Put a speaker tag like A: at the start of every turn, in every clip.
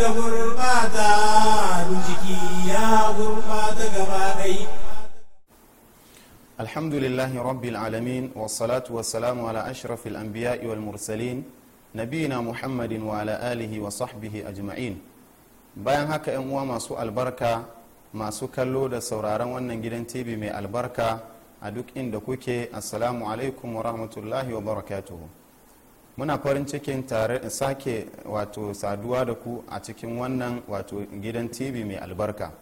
A: da gurbata jiki ya gurbata gaba ɗai alhamdulillahi rabbil alamin wassalatu wassalamu ala ashrafil anbiya'i wal mursalin nabiyina muhammadin wa ala alihi wa sahbihi ajma'in bayan haka yan uwa masu albarka masu kallo da sauraron wannan gidan tv mai albarka a duk inda kuke assalamu alaikum wa rahmatullahi wa barakatuhu muna farin cikin tare sake wato saduwa da ku a cikin wannan wato gidan tv mai albarka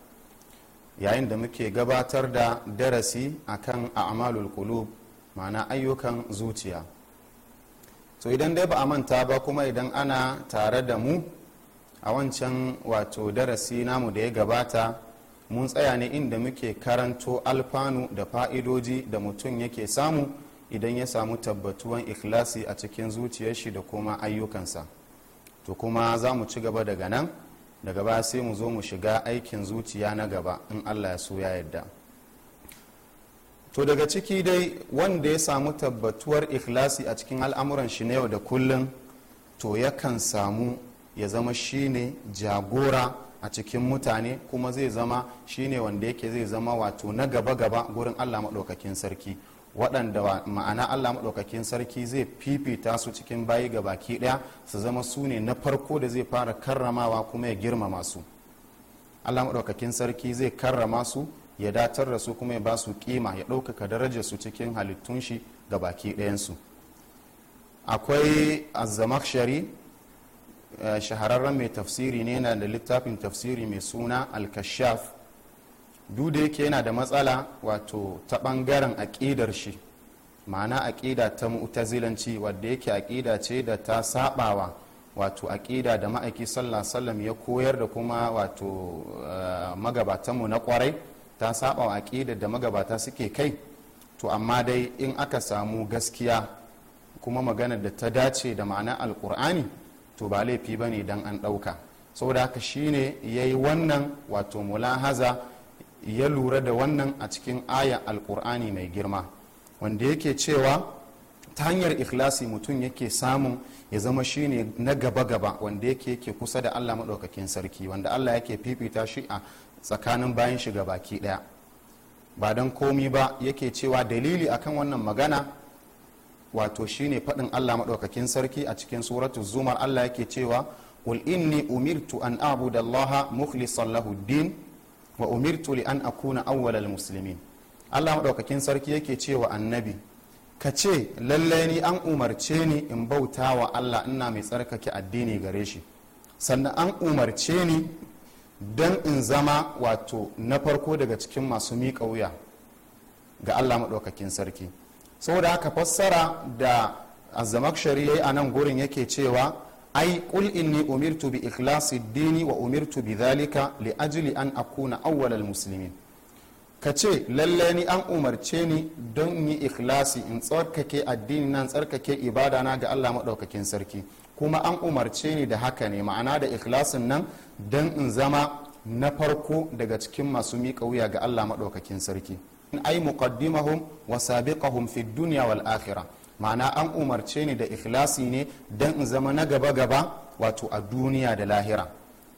A: yayin da muke gabatar da darasi akan a'malul qulub mana ayyukan zuciya to idan dai ba a manta ba kuma idan ana tare da mu a wancan wato darasi namu da ya gabata mun tsaya ne inda muke karanto alfanu da fa'idoji da mutum yake samu idan ya samu tabbatuwan ikhlasi a cikin zuciyar shi da kuma ayyukansa to kuma za mu ci gaba daga nan daga ba sai mu zo mu shiga aikin zuciya na gaba in allah ya so ya yadda to daga ciki dai wanda ya samu tabbatuwar ikhlasi a cikin al'amuran shi na yau da kullum to yakan samu ya zama shine jagora a cikin mutane kuma zai zama shine wanda yake zai zama wato na gaba-gaba gurin allah maɗaukakin sarki waɗanda ma'ana allah maɗaukakin sarki zai fifita su cikin bayi ga baki ɗaya su zama su ne na farko da zai fara karramawa kuma ya girmama su allah maɗaukakin sarki zai karrama su ya datar da su kuma ya ba su kima ya ɗaukaka darajar su cikin halittun shi ga baki ɗayansu akwai azamakshari eh, shahararren mai tafsiri ne na da littafin tafsiri mai suna al duk da yake yana da matsala wato ta bangaren aƙidar shi ma'ana aƙida ta mu'tazilanci wadda yake aƙida ce da ta sabawa wato aƙida da ma'aiki sallah sallam ya koyar da kuma wato eh, magabatanmu na kwarai ta sabawa aƙida da magabata suke kai to amma dai in aka samu gaskiya kuma magana da ta dace da ma'ana alƙur'ani to ba laifi ba ne don an ɗauka saboda haka shine ya yi wannan wato mulahaza ya lura da wannan a cikin aya alkur'ani mai girma wanda yake cewa ta hanyar ikhlasi mutum yake samun ya zama shi ne na gaba-gaba wanda yake yake kusa da allah maɗaukakin sarki wanda allah yake fifita shi a tsakanin bayan shiga baki ɗaya ba don komi ba yake cewa dalili akan wannan magana wato shine faɗin allah maɗaukakin sarki a cikin suratu zumar allah yake cewa qul inni umirtu an abudallaha mukhlishan lahu din wa umirtu li an akuna awwalal muslimin Allah madaukakin sarki yake cewa annabi ka ce lallai ni an umarce ni in bauta wa Allah ina mai tsarkake addini gare shi sannan an umarce ni dan in zama wato na farko daga cikin masu miƙa wuya ga Allah maɗaukakin sarki saboda haka fassara da azamakshari a nan gurin yake cewa ai qul inni umirtu bi ikhlasi dini wa umirtu bi dhalika li ajli an akuna awwalal muslimin ka ce lallai ni an umarce ni don in yi ikhlasi in tsarkake addini nan tsarkake ibada na ga Allah maɗaukakin sarki kuma an umarce ni da haka ne ma'ana da ikhlasin nan don in zama na farko daga cikin masu miƙa wuya ga Allah maɗaukakin sarki in ai muqaddimahum wa sabiqahum fi dunya wal akhirah ma'ana an umarce ni da ikhlasi ne don in zama na gaba gaba wato a duniya da lahira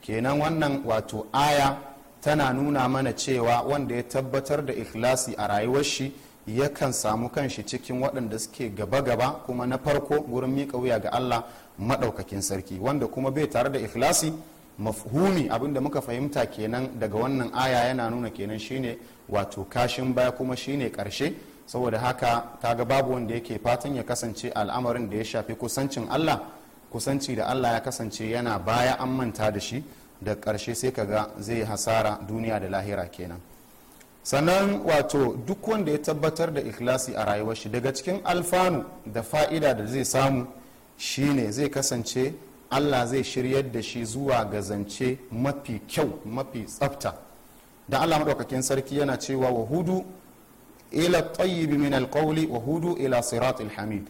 A: kenan wannan wato aya tana nuna mana cewa wanda ya tabbatar da ikhlasi a rayuwar shi yakan samu kanshi cikin waɗanda suke gaba-gaba kuma na farko gurin mika wuya ga Allah maɗaukakin sarki wanda kuma bai tare da ikhlasi mafhumi abinda muka fahimta kenan daga wannan aya yana nuna kenan shine wato kashin baya kuma shine karshe. saboda haka kaga babu wanda yake fatan ya kasance al'amarin da ya shafi kusancin allah kusanci da allah ya kasance yana baya an manta da shi da ƙarshe sai ka ga zai hasara duniya da lahira kenan sannan wato duk wanda ya tabbatar da ikhlasi a rayuwar shi daga cikin alfanu da fa'ida da zai samu shine zai kasance allah zai shiryar da shi zuwa ga zance mafi kyau mafi tsafta da allah maɗaukakin sarki yana cewa wa hudu ila tsayyibi min alqawli wa hudu ila siratil hamid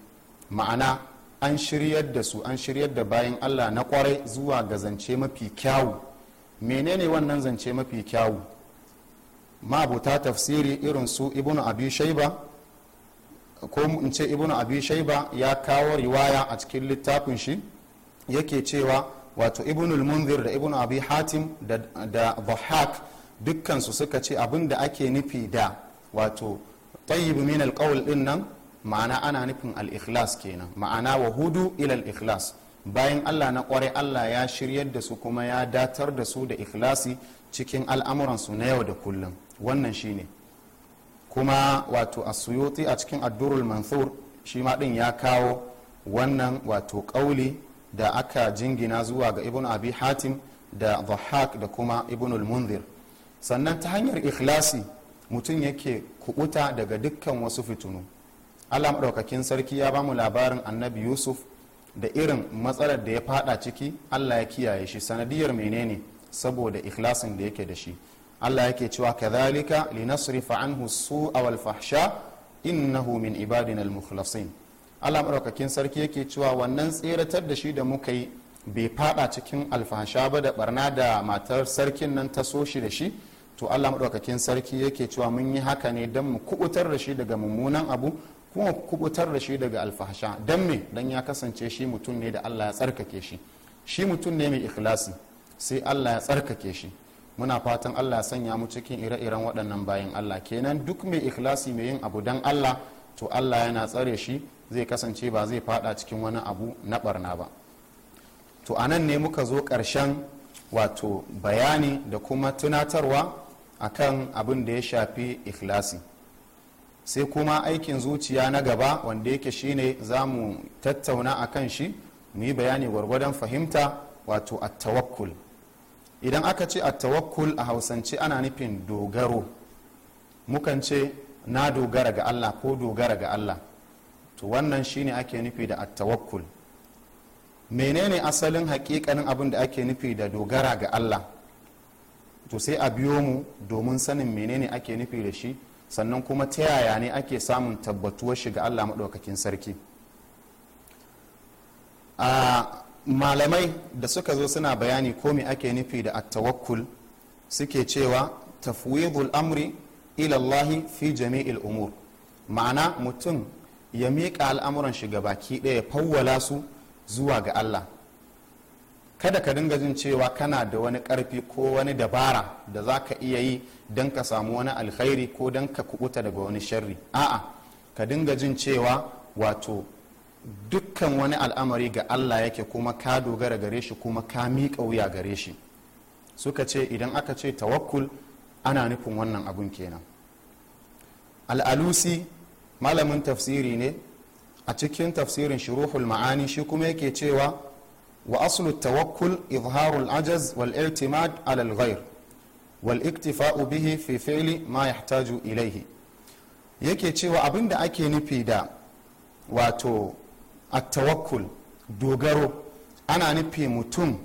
A: ma'ana an shiryar da su an shiryar da bayan Allah na kwarai zuwa ga zance mafi kyawu menene wannan zance mafi kyawu mabuta tafsiri irin su ibnu abi shaiba ko in ce ibnu abi shaiba ya kawo riwaya a cikin littafin shi yake cewa wato ibnu munzir da ibnu abi hatim da dhahak dukkansu suka ce abin da ake nufi da wato tayyibu min alqawl din nan ma'ana ana nufin al iklas kenan ma'ana wa hudu ila al bayan Allah na kware Allah ya shiryar da su kuma ya datar da su da ikhlasi cikin al'amuransu na yau da kullum wannan shine kuma wato asuyuti a cikin addurul mansur shi ma din ya kawo wannan wato kauli da aka jingina zuwa ga ibn abi hatim da dhahak da kuma ibn al-munzir sannan ta hanyar ikhlasi mutum yake kubuta daga dukkan wasu fitunu allah maɗaukakin sarki ya bamu labarin annabi yusuf da irin matsalar da ya fada ciki allah ya kiyaye shi sanadiyar menene saboda ikhlasin da yake da shi allah yake cewa kadhalika linasrifa anhu su'a wal fahsha innahu min ibadin al-mukhlasin allah maɗaukakin sarki yake cewa wannan tseratar da shi da muka yi bai fada cikin alfahsha ba da barna da matar sarkin nan ta so shi da shi to allah maɗaukakin sarki yake cewa mun yi haka ne don mu kubutar da shi daga mummunan abu kuma kubutar da shi daga alfahasha don me don ya kasance shi mutum ne da allah ya tsarkake shi shi mutum ne mai ikhlasi sai allah ya tsarkake shi muna fatan allah ya sanya mu cikin ire-iren waɗannan bayan allah kenan duk mai ikhlasi mai yin abu don allah to allah yana tsare shi zai kasance ba zai fada cikin wani abu na barna ba to anan ne muka zo ƙarshen wato bayani da kuma tunatarwa akan abin da ya shafi ikhlasi sai kuma aikin zuciya na gaba wanda yake shine za mu tattauna a kan shi mu yi bayani gwargwadon fahimta wato attawakkul idan aka ce attawakkul a hausance ana nufin dogaro mukan ce na dogara ga allah ko dogara ga allah to wannan shine ake nufi da attawakkul menene asalin hakikanin abin da ake nufi da dogara ga allah to sai a biyo mu domin sanin menene ake nufi da shi sannan kuma ta yaya ne ake samun tabbatuwar shiga allah maɗaukakin sarki a malamai da suka zo suna bayani ko me ake nufi da attawakkul suke cewa tafwidul amri ilallahi fi jami'il umur ma'ana mutum ya miƙa al'amuran shiga baki ɗaya fawwala su zuwa ga allah kada ka dinga jin cewa kana da wani karfi ko wani dabara da za ka iya yi don ka samu wani alkhairi ko don ka kubuta daga wani sharri a'a ka dinga jin cewa wato dukkan wani al'amari ga allah yake kuma ka dogara gare shi kuma ka miƙa wuya gare shi suka ce idan aka ce tawakkul ana nufin wannan abun kenan al'alusi malamin tafsiri ne a cikin tafsirin shiruhul ma'ani shi kuma yake cewa wa aslu tawakkul izharul ajaz wal i'timad alal al wal iktifa'u bihi fi fi'li ma yahtaju ilaihi yake cewa abin da ake nufi da wato a tawakkul dogaro ana nufi mutum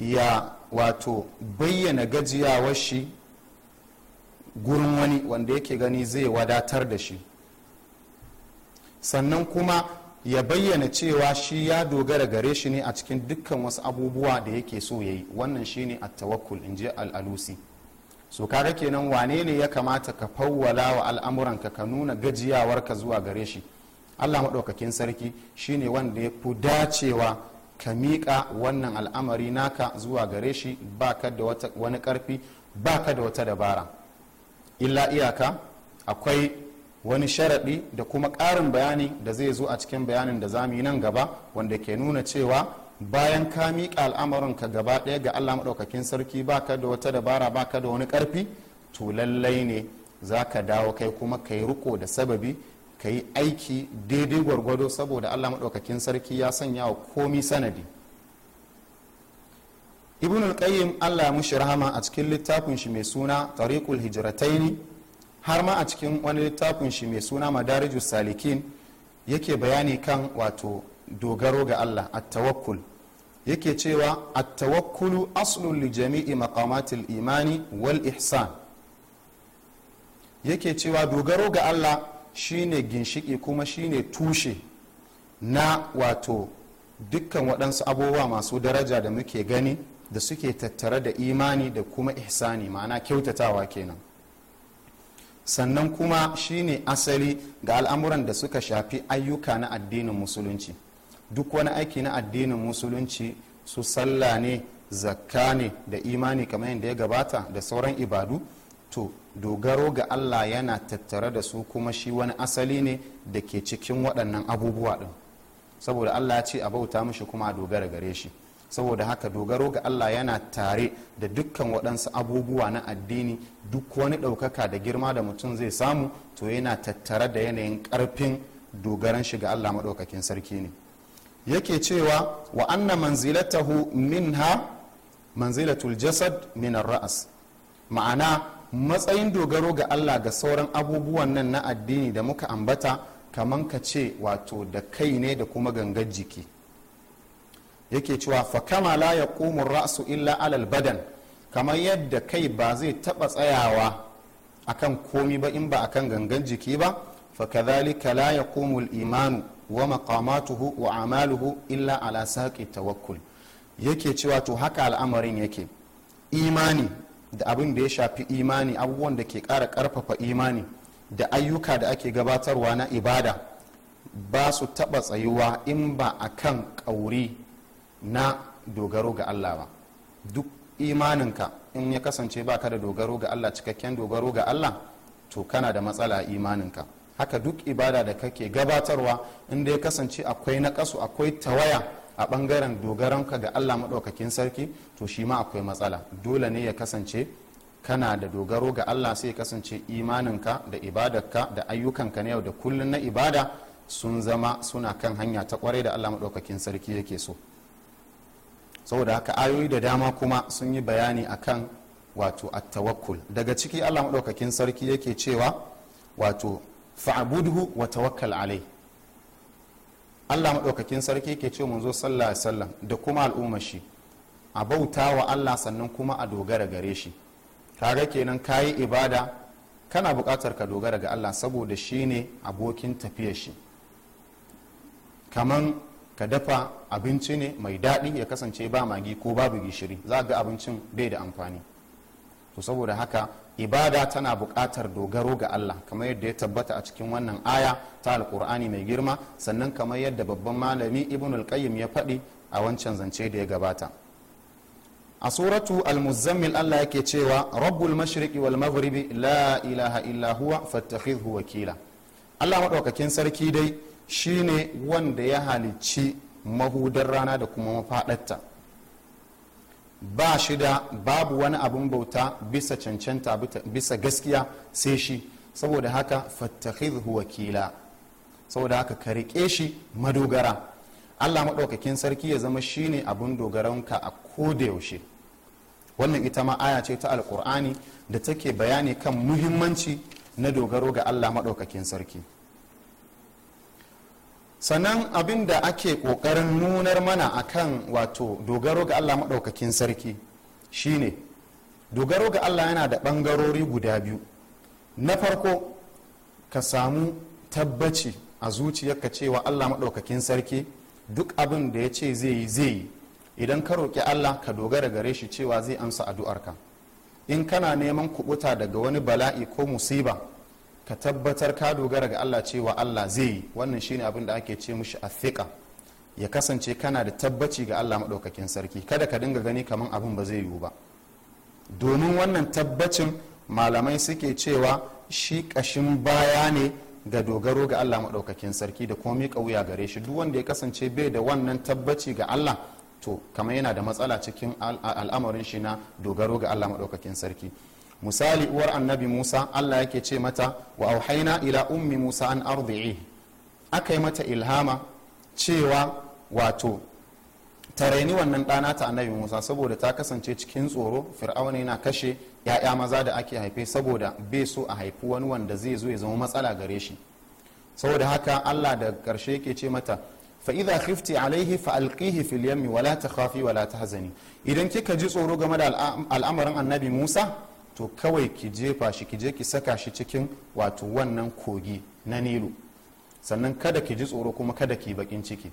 A: ya wato bayyana gajiyawar shi gurin wani wanda yake gani zai wadatar da shi sannan kuma ya bayyana cewa shi ya dogara gare shi ne a cikin dukkan wasu abubuwa da yake so ya yi wannan shine a tawakkul in ji al'alusi so kare kenan wane ne ya kamata ka fawwala wa al'amuranka ka nuna gajiyawarka zuwa gare shi allah maɗaukakin sarki shi ne wanda ya fi dacewa ka miƙa wannan al'amari naka zuwa gare shi ba ka da wani ƙarfi ba ka da wata dabara illa iyaka akwai wani sharaɗi da kuma ƙarin bayani da zai zo a cikin bayanin da zamu yi nan gaba wanda ke nuna cewa bayan ka miƙa ka gaba ɗaya ga allah maɗaukakin sarki baka da wata dabara baka da wani ƙarfi to lallai ne za ka dawo kai kuma ka yi riko da sababi ka yi aiki daidai gwargwado saboda allah maɗaukakin sarki ya sanya wa komi sanadi ibn al-qayyim allah mushi rahama a cikin littafin shi mai suna tariqul hijrataini har ma a cikin wani littafin shi mai suna madariju salikin yake bayani kan wato dogaro ga allah a tawakkul yake cewa a tawakkulu aslun li jami'i maqamatil imani wal ihsan yake cewa dogaro ga allah shine ginshiki kuma shine tushe na wato dukkan waɗansu abubuwa masu daraja da muke gani da suke tattare da imani da kuma ihsani ma'ana kyautatawa kenan sannan kuma shine asali ga al'amuran da suka shafi ayyuka na addinin musulunci duk wani aiki na addinin musulunci su sallah ne zakka ne da imani kamar yadda ya gabata da sauran ibadu to dogaro ga allah yana tattare da su kuma shi wani asali ne da ke cikin waɗannan abubuwa ɗin saboda allah ya ce a bauta mishi kuma a dogara gare shi saboda haka dogaro ga Allah yana tare da dukkan waɗansu abubuwa na addini duk wani ɗaukaka da girma da mutum zai samu to yana tattare da yanayin ƙarfin dogaran shi ga Allah maɗaukakin sarki ne yake cewa wa anna manzilatahu minha manzilatul jasad min ra'as ma'ana matsayin dogaro ga Allah ga sauran abubuwan nan na addini da muka ambata kaman ka ce wato da kai ne da kuma gangar jiki yake cewa fa kama la yaqumu ra'su illa alal badan kamar yadda kai ba zai taba tsayawa akan komi ba in ba akan gangan jiki ba fa kadhalika la ya imanu wa maqamatuhu wa amaluhu illa ala saqi tawakkul yake cewa to haka al'amarin yake imani da abin da ya shafi imani abubuwan da ke kara karfafa imani da ayyuka da ake gabatarwa na ibada ba su taɓa tsayuwa in ba akan kan ƙauri na dogaro ga allah ba duk imaninka in ya kasance baka da dogaro ga allah cikakken dogaro ga allah to kana da matsala imaninka haka duk ibada da kake gabatarwa inda ya kasance akwai na kasu akwai tawaya a ɓangaren dogaranka ga allah maɗaukakin sarki to shi ma akwai matsala dole ne ya kasance kana da dogaro ga allah sai ya kasance imaninka da ibadarka da ayyukanka na yau da kullun na ibada sun zama suna kan hanya ta kwarai da allah maɗaukakin sarki yake so saboda haka ayoyi da dama kuma sun yi bayani akan wato at daga ciki Allah maɗaukakin sarki yake cewa wato fa'budhu wa tawakkal alai Allah maɗaukakin sarki yake ce mun zo sallallahu alaihi wasallam da kuma al'ummashi shi a bauta wa Allah sannan kuma a dogara gare shi kaga kenan kayi ibada kana buƙatar ka dogara ga Allah saboda shi ne abokin tafiyar shi kaman ka dafa abinci ne mai daɗi ya kasance ba magi ko babu gishiri za ga abincin bai da amfani to saboda haka ibada tana buƙatar dogaro ga Allah kamar yadda ya tabbata a cikin wannan aya ta alƙur'ani mai girma sannan kamar yadda babban malami ibn al ya faɗi a wancan zance da ya gabata a suratu al-muzammil Allah yake cewa rabbul mashriqi wal maghribi la ilaha illa huwa fattakhidhu wakila Allah madaukakin sarki dai shine wanda ya halicci mahudar rana da kuma mafaɗarta ba shi da babu wani abin bauta bisa cancanta bisa gaskiya sai shi saboda haka fattakhidhu wakila saboda haka ka riƙe shi madogara allah maɗaukakin sarki ya zama shine abin ka a kodayaushe wannan ita ma aya ce ta alƙur'ani da take bayani kan muhimmanci na dogaro ga allah maɗaukakin sarki sannan abin da ake ƙoƙarin nunar mana a kan wato dogaro ga allah maɗaukakin sarki shine dogaro ga allah yana da ɓangarori guda biyu na farko ka samu tabbaci a zuciyarka cewa allah maɗaukakin sarki duk abin da ya ce zai yi zai yi idan ka roƙi allah ka dogara gare shi cewa zai amsa addu'arka in kana neman kubuta daga wani bala'i ko musiba ka tabbatar ka dogara ga Allah cewa Allah zai yi wannan shine abin da ake ce mushi athiqa ya kasance kana da tabbaci ga Allah maɗaukakin sarki kada ka dinga gani kaman abin ba zai yiwu ba domin wannan tabbacin malamai suke cewa shi ƙashin baya ne ga dogaro ga Allah maɗaukakin sarki da kuma miƙa wuya gare shi duk wanda ya kasance bai da wannan tabbaci ga Allah to kamar yana da matsala cikin al'amarin shi na dogaro ga Allah maɗaukakin sarki misali uwar annabi musa allah yake ce mata wa auhaina ila ummi musa an arzi'i aka yi mata ilhama cewa wato ta raini wannan ɗana ta annabi musa saboda ta kasance cikin tsoro fir'auna yana kashe ya'ya maza da ake haife saboda bai so a haifi wani wanda zai zo ya zama matsala gare shi saboda haka allah da karshe yake ce mata fa idza khifti alaihi fa alqihi fil yammi wala takhafi wala tahzani idan kika ji tsoro game da al'amarin annabi musa to kawai ki jefa shi ki je ki saka shi cikin wato wannan kogi na nilu sannan kada ki ji tsoro kuma kada ki bakin ciki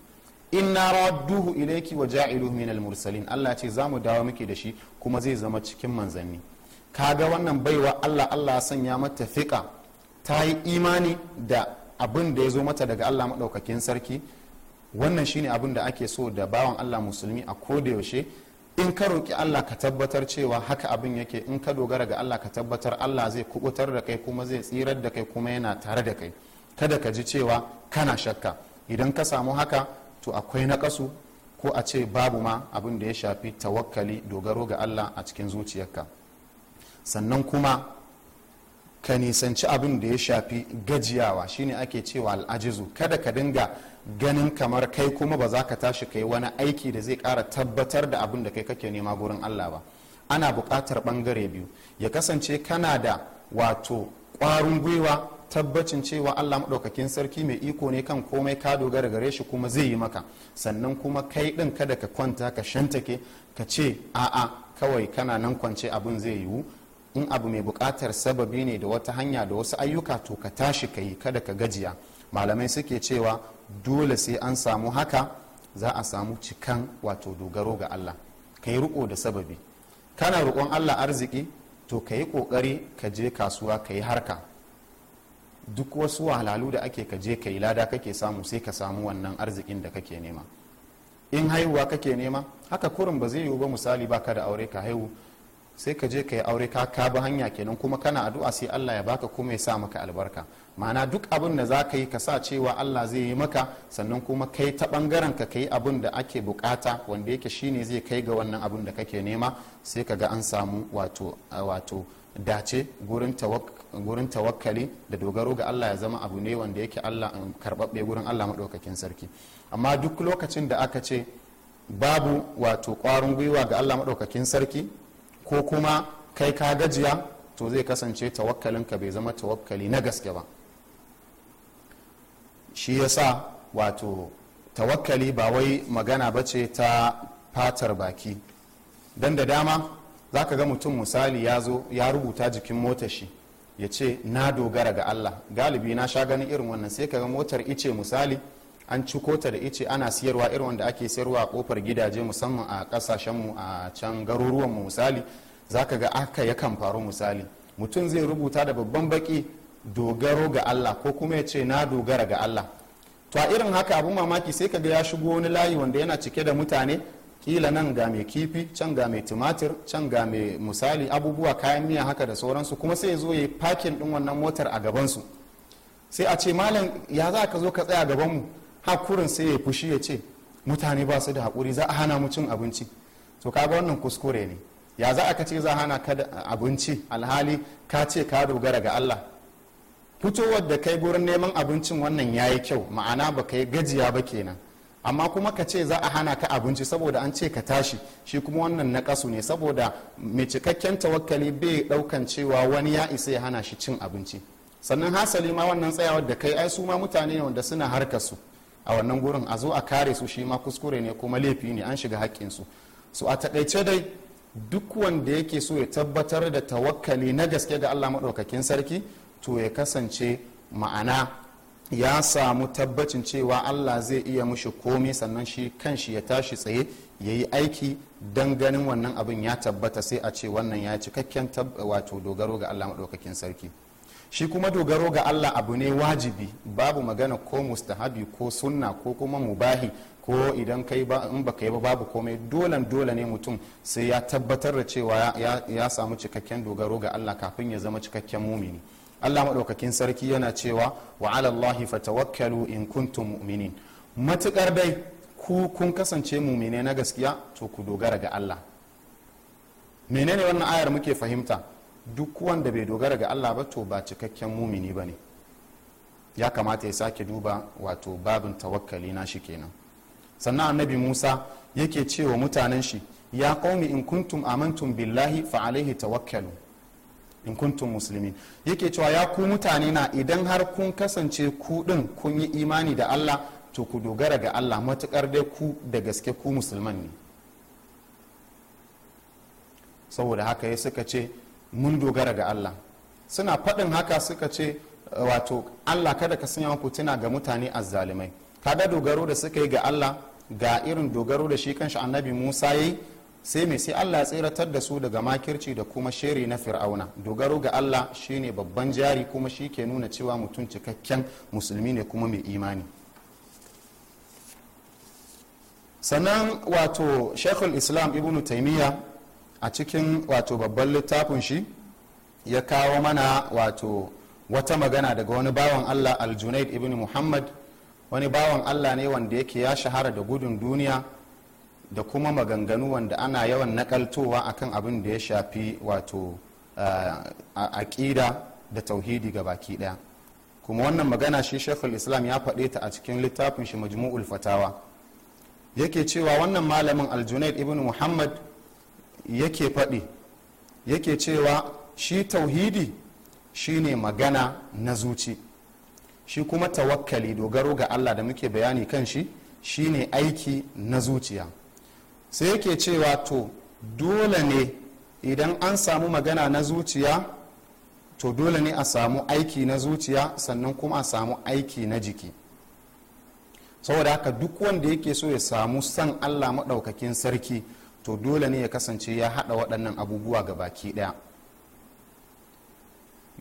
A: in inna radduhu ilayki wa ja'iluhu minal mursalin Allah ce zamu dawo miki da shi kuma zai zama cikin manzanni kaga wannan baiwa Allah Allah sanya mata fiqa ta yi imani da abin da ya zo mata daga Allah maɗaukakin sarki wannan shine abin da ake so da bawan Allah musulmi a koda yaushe in ka roƙi allah ka tabbatar cewa haka abin yake in ka dogara ga allah ka tabbatar allah zai kubutar da kai kuma zai tsirar da kai kuma yana tare da kai kada ka ji cewa kana shakka idan ka samu haka to akwai naƙasu ko a ce babu ma abin da ya shafi tawakkali dogaro ga allah a cikin zuciyarka sannan kuma ka nisanci abin da ya shafi gajiyawa shine ake cewa al'ajizu kada ka dinga ganin kamar kai kuma ba za ka tashi kai wani aiki da zai kara tabbatar da abin da kai kake nema gurin allah ba ana bukatar bangare biyu ya kasance kana da wato ƙwarin gwiwa tabbacin cewa allah maɗaukakin sarki mai iko ne kan komai ka dogara gare shi kuma zai yi maka sannan kuma kai ɗin kada ka kwanta ka shantake ka ce a'a kawai kana nan kwance abin zai yiwu in abu mai buƙatar sababi ne da wata hanya da wasu ayyuka to ka tashi ka yi kada ka gajiya malamai suke cewa dole sai an samu haka za a samu cikan wato dogaro ga allah ka yi riko da sababi kana roƙon allah arziki to ka yi ƙoƙari ka je kasuwa ka yi harka duk wasu wahalhalu da ake ka je ka yi lada kake samu sai ka samu wannan arzikin da kake nema in haihuwa kake nema haka kurin ba zai yiwu ba misali ba ka da aure ka haihu sai ka je ka yi aure ka ka bi hanya kenan kuma kana addu'a sai Allah ya baka kuma ya sa maka albarka ma'ana duk abin da za ka yi ka sa cewa Allah zai yi maka sannan kuma kai ta bangaren ka kai abin da ake bukata wanda yake shine zai kai ga wannan abin da kake nema sai ka ga an samu wato wato dace gurin tawakkali da dogaro ga Allah ya zama abu ne wanda yake Allah um, karbabbe gurin Allah madaukakin sarki amma duk lokacin da aka ce babu wato kwarin gwiwa ga Allah madaukakin sarki ko kuma kai ka gajiya to zai kasance tawakkalinka bai zama tawakkali na gaske ba shi yasa wato tawakkali ba wai magana ba ce ta fatar baki don da dama za ka ga mutum misali ya zo ya rubuta jikin motar shi ya ce na dogara ga allah galibi na sha ganin irin wannan sai ka ga motar ice misali an ciko ta da ice ana siyarwa irin wanda ake siyarwa a kofar gidaje musamman a kasashenmu a can garuruwanmu misali zaka ga aka yakan faru misali mutum zai rubuta da babban baki dogaro ga allah ko kuma ya ce na dogara ga allah to a irin haka abun mamaki sai kaga ya shigo wani layi wanda yana cike da mutane kila nan ga mai kifi can ga mai tumatir can ga mai misali abubuwa kayan miya haka da sauransu kuma sai ya zo ya yi pakin din wannan motar a gabansu sai a ce malam ya za ka zo ka tsaya gabanmu hakurin sai ya fushi ya ce mutane ba su da hakuri za a hana mu cin abinci to kaga wannan kuskure ne ya za a ce za a hana ka abinci alhali ka ce ka dogara ga Allah fitowar da kai gurin neman abincin wannan ya yi kyau ma'ana ba kai gajiya ba kenan amma kuma ka ce za a hana ka abinci saboda an ce ka tashi shi kuma wannan na kasu ne saboda mai cikakken tawakkali bai daukan cewa wani ya isa ya hana shi cin abinci sannan hasali ma wannan tsayawar da kai ai su ma mutane ne wanda suna harkar su a wannan gurin a zo a kare su shi ma kuskure ne kuma laifi ne an shiga haƙƙinsu su a taƙaice dai duk wanda yake so ya tabbatar da tawakkali na gaske ga allah maɗaukakin sarki to ya kasance ma'ana ya samu tabbacin cewa allah zai iya mushi komi sannan shi kanshi ya tashi tsaye ya yi aiki don ganin wannan abin ya tabbata sai a ce wannan ya cikakken wato dogaro ga allah maɗaukakin sarki shi kuma dogaro ga allah abu ne wajibi babu magana ko mustahabi ko sunna ko kuma mubahi ko idan kai ba in baka yi ba babu komai dolan dole ne mutum sai ya tabbatar da cewa ya samu cikakken dogaro ga allah kafin ya zama cikakken mumini allah maɗaukakin sarki yana cewa wa alallahi fatawakkalu in kuntum mu'minin matukar dai ku kun kasance mumine na gaskiya to ku dogara ga allah menene wannan ayar muke fahimta duk wanda bai dogara ga allah ba to ba cikakken mumini ba ne ya kamata ya sake duba wato babin tawakkali na shi kenan sannan annabi musa yake cewa mutanen shi ya qaumi in kuntum amantum billahi fa alaihi tawakkalu in kuntum muslimin yake cewa ya ku mutane na idan har kun kasance ku din kun yi imani da allah to ku dogara ga allah matukar dai ku da gaske ku musulman ne saboda haka ya suka ce mun dogara ga allah suna faɗin haka suka ce eh, wato allah kada ka sanya fitina ga mutane azzalumai kaga dogaro da suka yi ga allah ga irin dogaro da shi kanshi annabi musa ya yi sai mai sai allah ya tseratar da su daga makirci da kuma shiri na fir'auna dogaro ga allah shine babban jari kuma shi ke nuna cewa mutum cikakken musulmi ne kuma mai imani sannan wato shekul islam ibn taimiyya a cikin wato babban littafin shi ya kawo mana wato wata magana daga wani bawan allah aljunaid ibn muhammad wani bawan allah ne wanda yake ya shahara da gudun duniya da kuma maganganu wanda ana yawan nakaltowa akan abin da ya shafi wato aƙida ah, da tauhidi ga baki ɗaya kuma wannan magana shi shekul islam ya faɗe ta a cikin littafin shi majmu'ul fatawa yake cewa wannan malamin aljunaid ibn muhammad yake faɗi yake cewa shi tauhidi shine magana na zuci shi kuma tawakkali dogaro ga allah da muke bayani kan shi shine aiki na zuciya sai yake cewa to dole ne idan an samu magana na zuciya to dole ne a samu aiki na zuciya sannan kuma a samu aiki na jiki saboda haka duk wanda yake so ya samu san allah maɗaukakin sarki to dole ne ya kasance ya haɗa waɗannan abubuwa ga baki ɗaya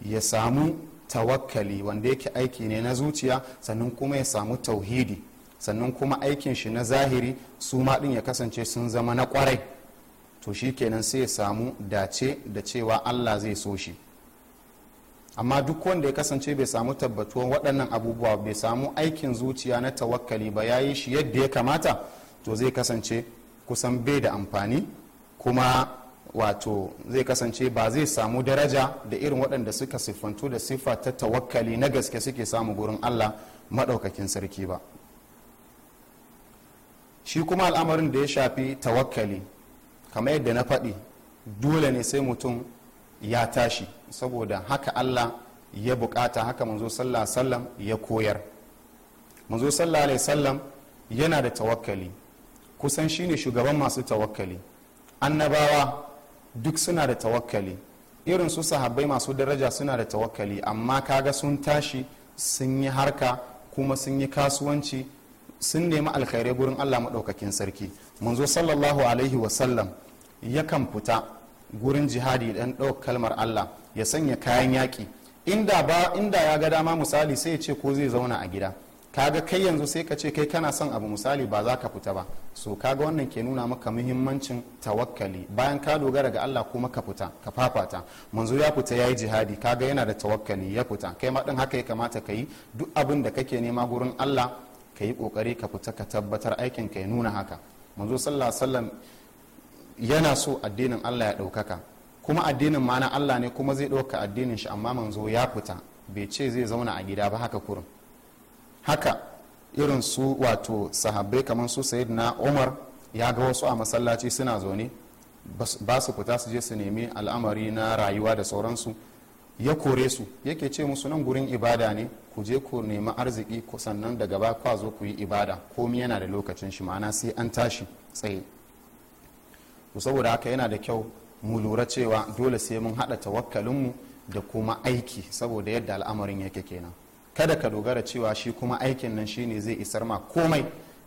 A: ya samu tawakkali wanda yake aiki ne na zuciya sannan kuma ya samu tauhidi sannan kuma aikin shi na zahiri su ɗin ya kasance sun zama na kwarai to shi kenan sai ya samu dace da cewa allah zai so shi amma duk wanda ya kasance bai samu tabbatuwan waɗannan abubuwa bai samu aikin zuciya na tawakkali ba ya yi shi yadda ya kamata to zai kasance kusan bai da amfani kuma wato zai kasance ba zai samu daraja da irin waɗanda suka siffantu da siffa ta tawakkali na gaske suke samu gurin allah maɗaukakin sarki ba shi kuma al'amarin da ya shafi tawakkali kamar yadda na faɗi dole ne sai mutum ya tashi saboda haka allah ya bukata haka manzo sallah sallam ya koyar manzo sallah alaihi sallam yana da tawakkali kusan shine shugaban masu tawakkali annabawa duk suna da tawakkali irin su sahabbai masu daraja suna da tawakkali amma kaga sun tashi sun yi harka kuma sun yi kasuwanci sun nemi alkhairai gurin allah maɗaukakin sarki manzo sallallahu alaihi wasallam yakan fita gurin jihadi dan ɗauk kalmar allah ya sanya kayan yaƙi inda ya ga dama misali sai ya ce ko zai zauna a gida kaga kai yanzu sai ka ce kai kana son abu misali ba za ka fita ba so kaga wannan ke nuna maka muhimmancin tawakkali bayan ka dogara ga Allah kuma ka fita ka fafata manzo ya fita yayi jihadi kaga yana da tawakkali ya fita kai ma din haka ya kamata ka yi duk abin da kake nema gurin Allah ka yi kokari ka fita ka tabbatar aikin ka ya nuna haka manzo sallallahu sallam yana so addinin Allah ya ɗaukaka kuma addinin ma na Allah ne kuma zai ɗauka addinin shi amma manzo ya fita bai ce zai zauna a gida ba haka kurin haka irin su wato sahabbai kamar su na umar ya ga wasu a masallaci suna zaune ba su fita su je su nemi al'amari na rayuwa da sauransu ya kore su yake ce musu nan gurin ibada ne ku je ku nemi arziki ku sannan daga ba kwa zo ku yi ibada komi yana da lokacin shi ma'ana sai an tashi tsaye to saboda haka yana da kyau mu lura cewa dole sai mun haɗa tawakkalinmu da kuma aiki saboda yadda al'amarin yake kenan kada ka dogara cewa shi kuma aikin nan shine zai isar ma komai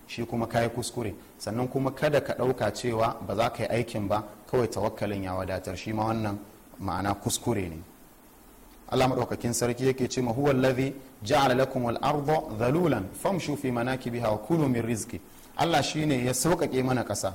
A: shi kuma kayi kuskure sannan kuma kada ka ɗauka cewa ba za ka yi aikin ba kawai tawakkalin ya wadatar shi ma wannan ma'ana kuskure ne Allah maɗaukakin sarki yake ce huwa allazi ja'ala lakum al-ardha dhalulan famshu fi manakibiha wa kulu min rizqi Allah shine ya sauƙaƙe mana ƙasa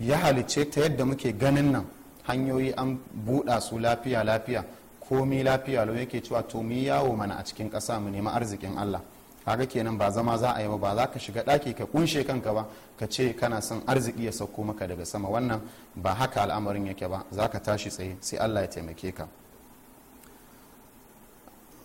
A: ya halice ta yadda muke ganin nan hanyoyi an buɗa su lafiya lafiya komi lafiya lo yake cewa to mu yawo mana a cikin ƙasa mu nemi arzikin Allah kaga kenan ba zama za a yi ba ba za ka shiga ɗaki ka kunshe kanka ba ka ce kana son arziki ya sauko maka daga sama wannan ba haka al'amarin yake ba za ka tashi tsaye sai Allah ya taimake ka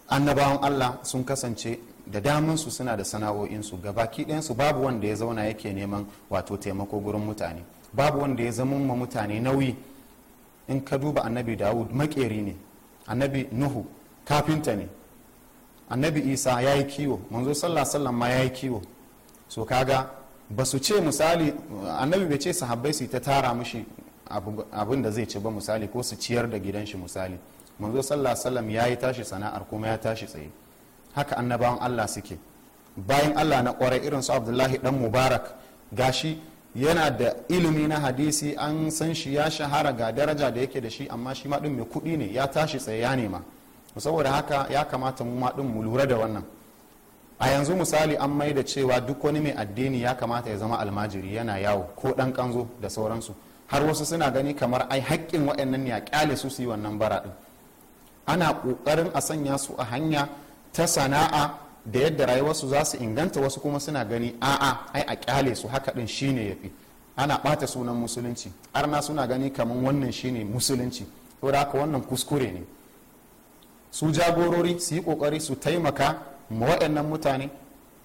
A: annabawan Allah sun kasance da damansu suna da sana'o'insu ki ɗayansu babu wanda ya zauna yake neman wato taimako gurin mutane babu wanda ya zama ma mutane nauyi in ka duba annabi dawud makeri ne annabi nuhu kafinta ne annabi isa ya yi kiwo manzo sallah ma ya yi kiwo so kaga ba su ce misali annabi bai ce sahabbai su ta tara mushi abin da zai ci ba misali ko su ciyar da gidan shi misali manzo sallah ya yi tashi sana'ar kuma ya tashi tsaye haka annabawan allah suke bayan allah na kwarai irin su abdullahi dan mubarak gashi yana da ilimi na hadisi an san shi ya shahara ga daraja da yake da shi amma shi ma mai kuɗi ne ya tashi tsaye ya nema saboda haka ya kamata mu ma mu lura da wannan a yanzu misali an mai da cewa duk wani mai addini ya kamata ya zama almajiri yana yawo ko ɗan kanzo da sauransu har wasu suna gani kamar ai haƙƙin waɗannan ne a ƙyale su su yi wannan bara ɗin ana ƙoƙarin a sanya su a hanya ta sana'a da yadda rayuwarsu za su inganta wasu kuma suna gani a'a ai a kyale su haka din shine yafi ana bata sunan musulunci arna suna gani kamar wannan shine musulunci da haka wannan kuskure ne su jagorori su yi kokari su taimaka ma waɗannan mutane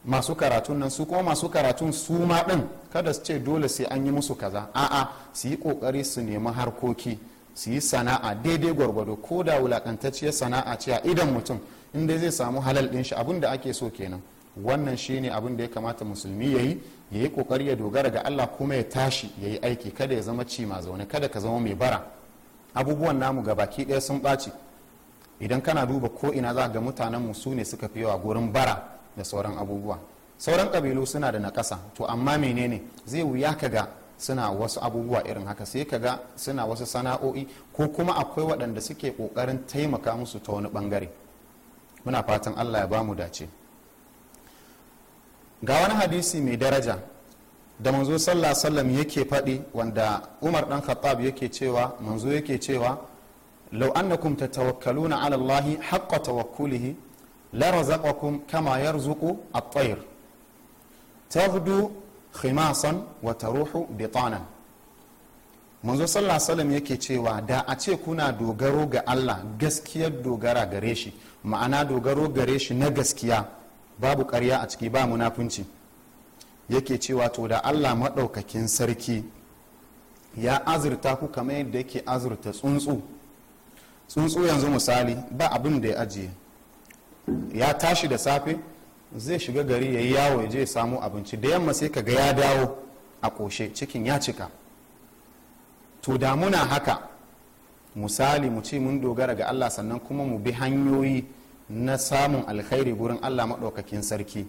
A: masu karatun nan su kuma masu karatun su ma din kada su ce dole sai an yi musu kaza a'a su yi kokari su nemi harkoki su yi sana'a daidai gwargwado ko da wulakantacciyar sana'a ce a idan mutum inda zai samu halal din shi abin da ake so kenan wannan shine abin da ya kamata musulmi ya yi ya yi kokari ya dogara ga allah kuma ya tashi ya yi aiki kada ya zama cima zaune kada ka zama mai bara abubuwan namu ga baki ɗaya sun ɓaci idan kana duba ko ina za ga mutanen mu su ne suka fi yawa gurin bara da sauran abubuwa sauran ƙabilu suna da naƙasa to amma menene zai wuya ka ga suna wasu abubuwa irin haka sai ka ga suna wasu sana'o'i ko kuma akwai waɗanda suke ƙoƙarin taimaka musu ta wani ɓangare muna fatan allah ya ba mu dace ga wani hadisi mai daraja da manzo sallah sallam yake faɗi wanda umar ɗan khattab yake cewa manzo yake cewa لو أنكم تتوكلون على الله kama توكله لرزقكم كما يرزق الطير تغدو khimasan wa taruhu bitanan manzo sallallahu alaihi yake cewa da a ce kuna dogaro ga Allah gaskiyar dogara gare shi ma'ana dogaro gare shi na gaskiya babu ƙarya a ciki ba munafunci yake cewa to da Allah maɗaukakin sarki ya azurta ku kamar yadda yake azurta tsuntsu tsuntsu yanzu misali ba abin da ya ajiye ya tashi da safe zai shiga gari ya yi yawo ya je samu abinci da yamma sai ka ga ya dawo a ƙoshe cikin ya cika to da muna haka misali mu ce mun dogara ga allah sannan kuma mu bi hanyoyi na samun alkhairi gurin allah maɗaukakin sarki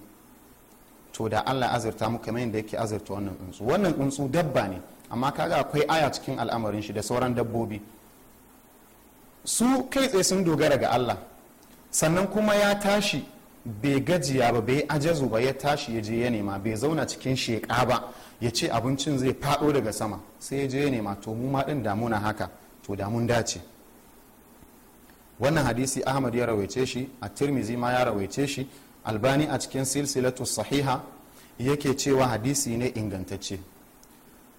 A: to da allah azurta mu kamar yadda yake azurta wannan tsuntsu wannan tsuntsu dabba ne amma kaga akwai aya cikin al'amarin shi da sauran dabbobi su kai tsaye sun dogara ga allah sannan kuma ya tashi bai gajiya ba bai ajazu ba ya tashi ya je ya nema bai zauna cikin sheka ba ya ce abincin zai faɗo daga sama sai ya je ya nema to mu ma ɗin damuna haka to damun dace wannan hadisi ahmad ya rawaice shi a tirmizi ma ya rawaice shi albani a cikin silsilatu sahiha yake cewa hadisi ne ingantacce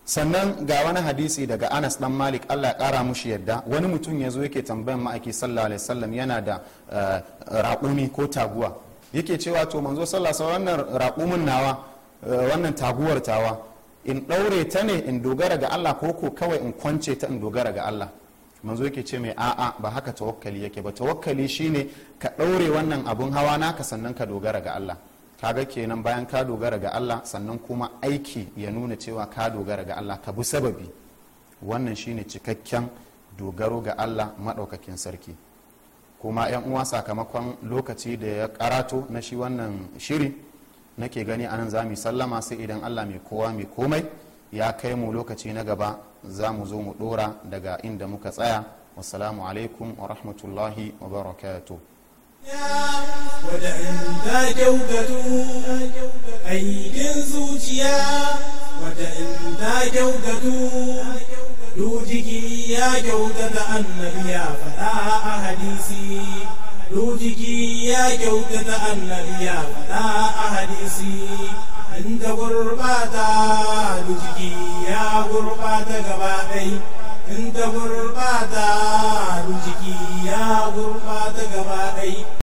A: sannan ga wani hadisi daga anas dan malik allah ya kara mushi yadda wani mutum ya zo yake tambayan ma'aiki sallallahu alaihi wasallam yana da eh, raƙumi ko taguwa yake cewa to manzo sallallahu wannan raƙumin nawa eh, wannan taguwar tawa in ɗaure ta ne in dogara ga Allah ko ko kawai in kwance ta in dogara ga Allah manzo yake ce mai a'a ba haka tawakkali yake ba tawakkali shine ka ɗaure wannan abun hawa naka sannan ka dogara ga Allah ka kaga kenan bayan ka dogara ga Allah sannan kuma aiki ya nuna cewa ka dogara ga Allah ka bi sababi wannan shine cikakken dogaro ga Allah maɗaukakin sarki kuma 'yan uwa sakamakon lokaci da ya karatu na shi wannan shiri nake gani anan za mu sallama sai idan allah mai kowa mai komai ya kai mu lokaci na gaba za mu zo mu dora daga inda muka tsaya wasalamu alaikum wa rahmatullahi wa barakatu aikin zuciya Rujiki ya kyautata annabi ya faɗa a hadisi. Rujiki ya kyautata annabi ya faɗa a hadisi. In ta gurɓata, rujiki ya gurɓata gaba ɗai. In ta gurɓata, rujiki ya gurɓata gaba ɗai.